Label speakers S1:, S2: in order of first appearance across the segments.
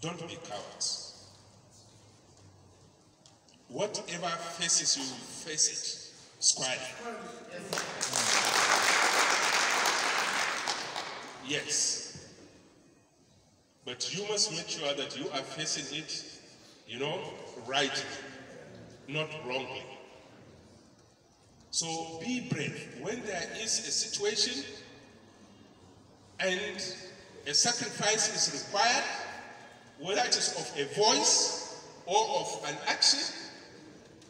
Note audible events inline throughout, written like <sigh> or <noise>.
S1: Don't be cowards. Whatever faces you, face it squarely. Yes. But you must make sure that you are facing it, you know, rightly, not wrongly. So be brave. When there is a situation and a sacrifice is required, whether it is of a voice or of an action,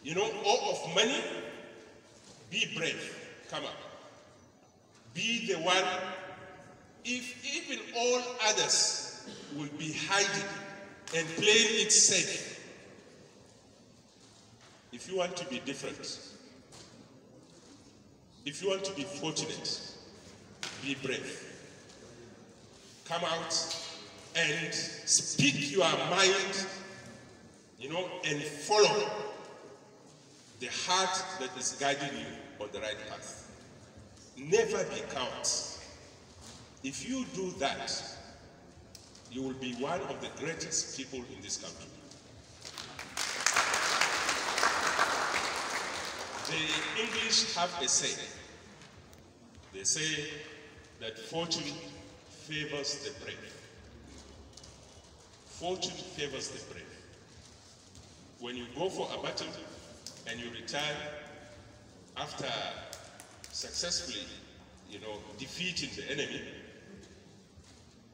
S1: you know, or of money, be brave. Come on. Be the one, if even all others will be hiding and playing it safe. If you want to be different, if you want to be fortunate, be brave. Come out and speak your mind, you know, and follow the heart that is guiding you on the right path. Never be cowed. If you do that, you will be one of the greatest people in this country. The English have a saying. They say that fortune favors the brave. Fortune favors the brave. When you go for a battle and you retire after successfully, you know, defeating the enemy,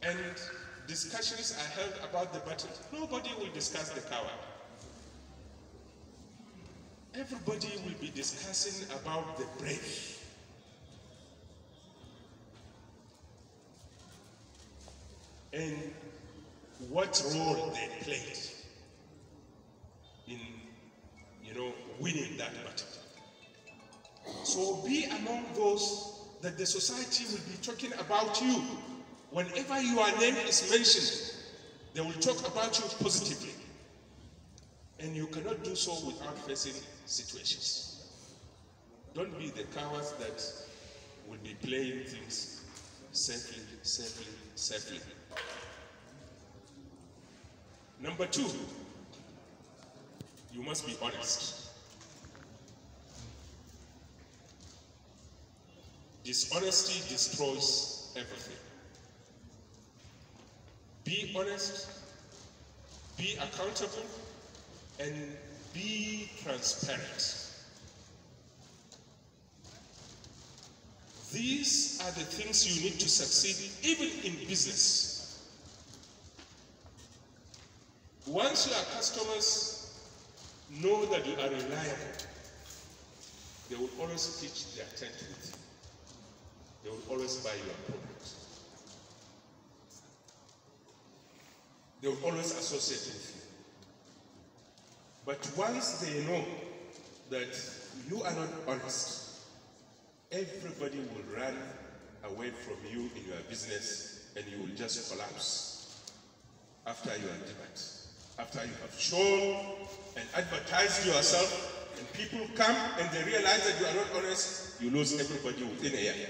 S1: and discussions are held about the battle, nobody will discuss the coward. Everybody will be discussing about the brave. And what role they played in, you know, winning that battle. So be among those that the society will be talking about you. Whenever your name is mentioned, they will talk about you positively. And you cannot do so without facing situations. Don't be the cowards that will be playing things safely, safely, safely. Number two, you must be honest. Dishonesty destroys everything. Be honest, be accountable, and be transparent. These are the things you need to succeed even in business. Once your customers know that you are reliable, they will always pitch their tent with you. They will always buy your product. They will always associate with you. But once they know that you are not honest, everybody will run away from you in your business and you will just collapse after your debate after you have shown and advertised yourself, and people come and they realize that you are not honest, you lose everybody within a year.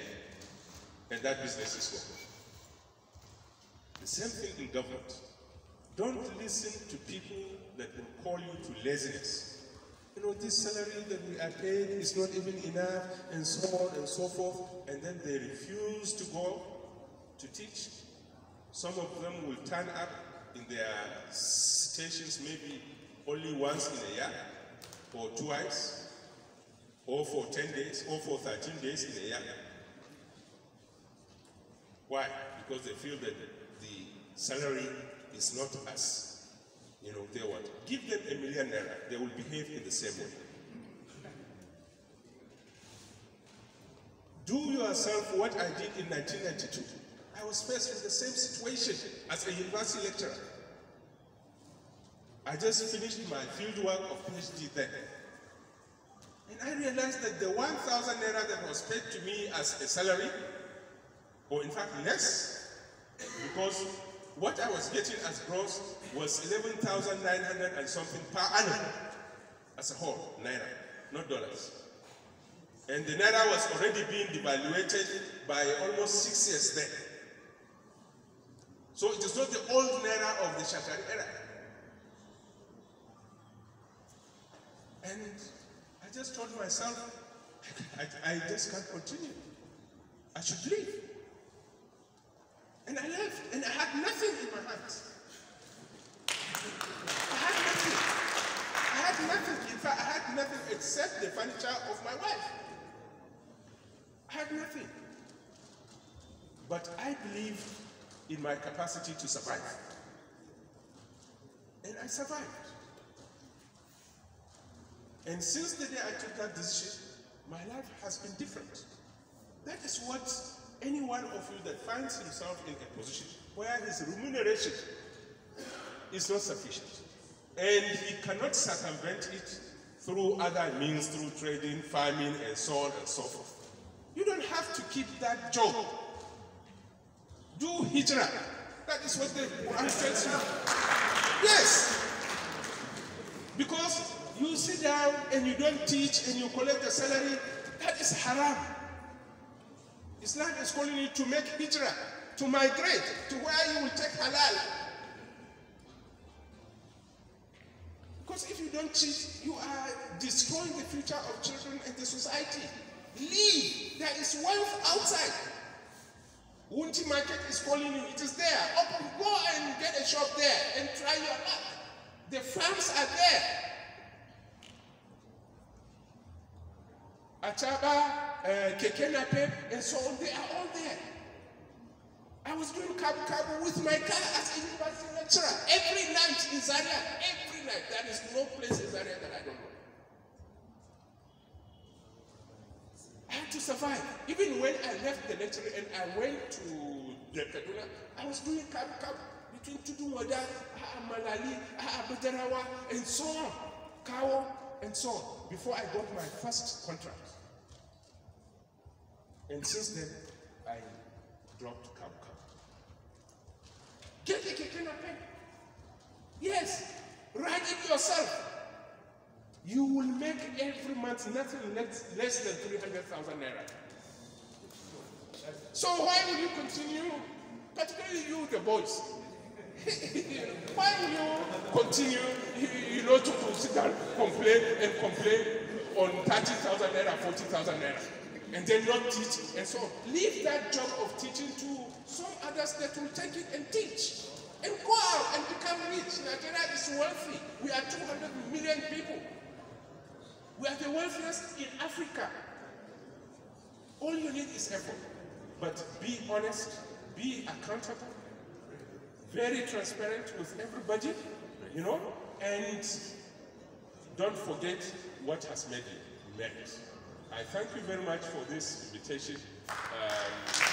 S1: And that business is gone. The same thing in government. Don't listen to people that will call you to laziness. You know, this salary that we are paid is not even enough, and so on and so forth. And then they refuse to go to teach. Some of them will turn up in their stations maybe only once in a year or twice or for 10 days or for 13 days in a year. Why? Because they feel that the salary is not as, you know, they want. Give them a million naira, they will behave in the same way. Do yourself what I did in 1992. I was faced with the same situation as a university lecturer. I just finished my fieldwork of PhD then. And I realized that the 1,000 naira that was paid to me as a salary, or in fact less, because what I was getting as gross was 11,900 and something per annum as a whole, naira, not dollars. And the naira was already being devaluated by almost six years then. So it is not the old Naira of the Shashari era. And I just told myself, <laughs> I, I, just can't continue. I should leave. And I left, and I had nothing in my hands. I had nothing. I had nothing. In fact, I had nothing except the furniture of my wife. I had nothing. But I believed in my capacity to survive. And I survived. And since the day I took that decision, my life has been different. That is what any one of you that finds himself in a position where his remuneration is not sufficient and he cannot circumvent it through other means, through trading, farming, and so on and so forth. You don't have to keep that job do hijrah. That is what the Quran tells you. Yes. Because you sit down and you don't teach and you collect a salary, that is haram. Islam is calling you to make hijrah, to migrate, to where you will take halal. Because if you don't teach, you are destroying the future of children and the society. Leave. There is wealth outside. Wunti Market is calling you. It is there. Open, go and get a shop there and try your luck. The farms are there. Achaba, uh, Kekenape, and so on, they are all there. I was doing cab cab with my car as a university lecturer every night in Zaria, every night. There is no place in Zaria that I don't know. to survive. Even when I left the lecture and I went to the Kaduna, I was doing kamp kamp between Tuduwada, ah, Malali, Abudarawa, ah, and so on, Kawa, and so on, before I got my first contract. And since then, I dropped camp camp. Get a Yes, ride it yourself you will make every month nothing less, less than 300,000 naira. So why will you continue, particularly you, the boys? <laughs> why will you continue, you, know, to, sit and complain and complain on 30,000 naira, 40,000 naira, and then not teach and so on? Leave that job of teaching to some others that will take it and teach and go out and become rich. Nigeria is wealthy. We are 200 million people. We are the wealthiest in Africa. All you need is effort. But be honest, be accountable, very transparent with everybody, you know, and don't forget what has made you merit. I thank you very much for this invitation. Um,